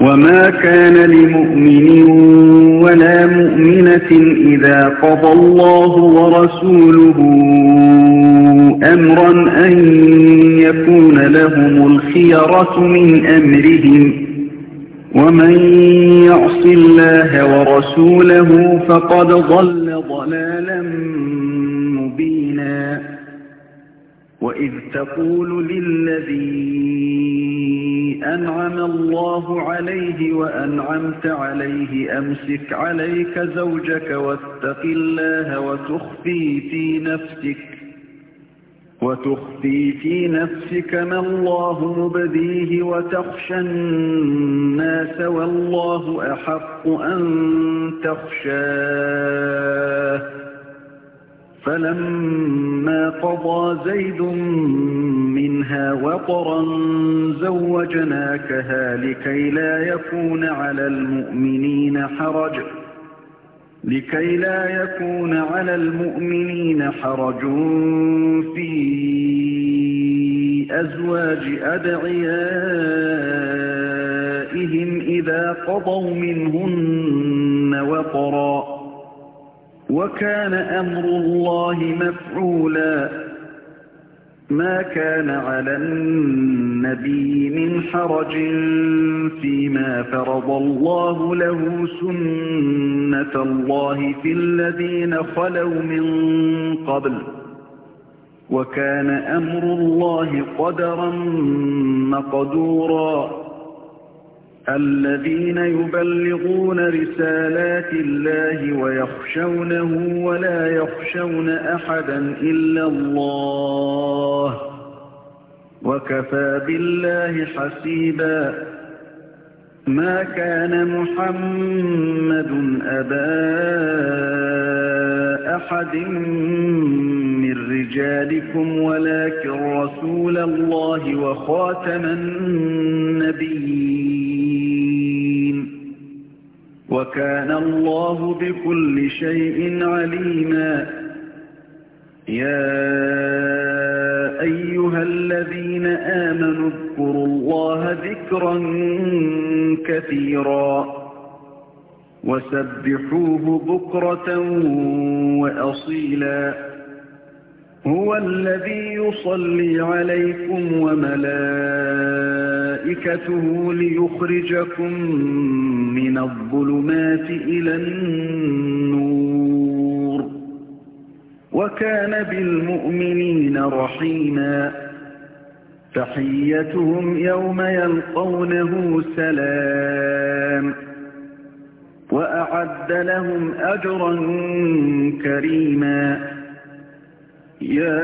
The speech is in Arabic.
وما كان لمؤمن ولا مؤمنة إذا قضى الله ورسوله أمرا أن يكون لهم الخيرة من أمرهم ومن يعص الله ورسوله فقد ضل ضلالا مبينا وإذ تقول للذين أنعم الله عليه وأنعمت عليه أمسك عليك زوجك واتق الله وتخفي في نفسك وتخفي في نفسك ما الله مبديه وتخشى الناس والله أحق أن تخشاه فلما قضى زيد منها وطرا زوجناكها لكي لا يكون على المؤمنين حرج لكي لا يكون على المؤمنين حرج في أزواج أدعيائهم إذا قضوا منهن وطرًا وكان أمر الله مفعولا ما كان على النبي من حرج فيما فرض الله له سنة الله في الذين خلوا من قبل وكان أمر الله قدرا مقدورا الذين يبلغون رسالات الله ويخشونه ولا يخشون أحدا إلا الله وكفى بالله حسيبا ما كان محمد أبا أحد من رجالكم ولكن رسول الله وخاتم النبيين وكان الله بكل شيء عليما يا أيها الذين آمنوا اذكروا الله ذكرا كثيرا وسبحوه بكرة وأصيلا هو الذي يصلي عليكم وملائكم ملائكته ليخرجكم من الظلمات إلى النور وكان بالمؤمنين رحيما تحيتهم يوم يلقونه سلام وأعد لهم أجرا كريما يا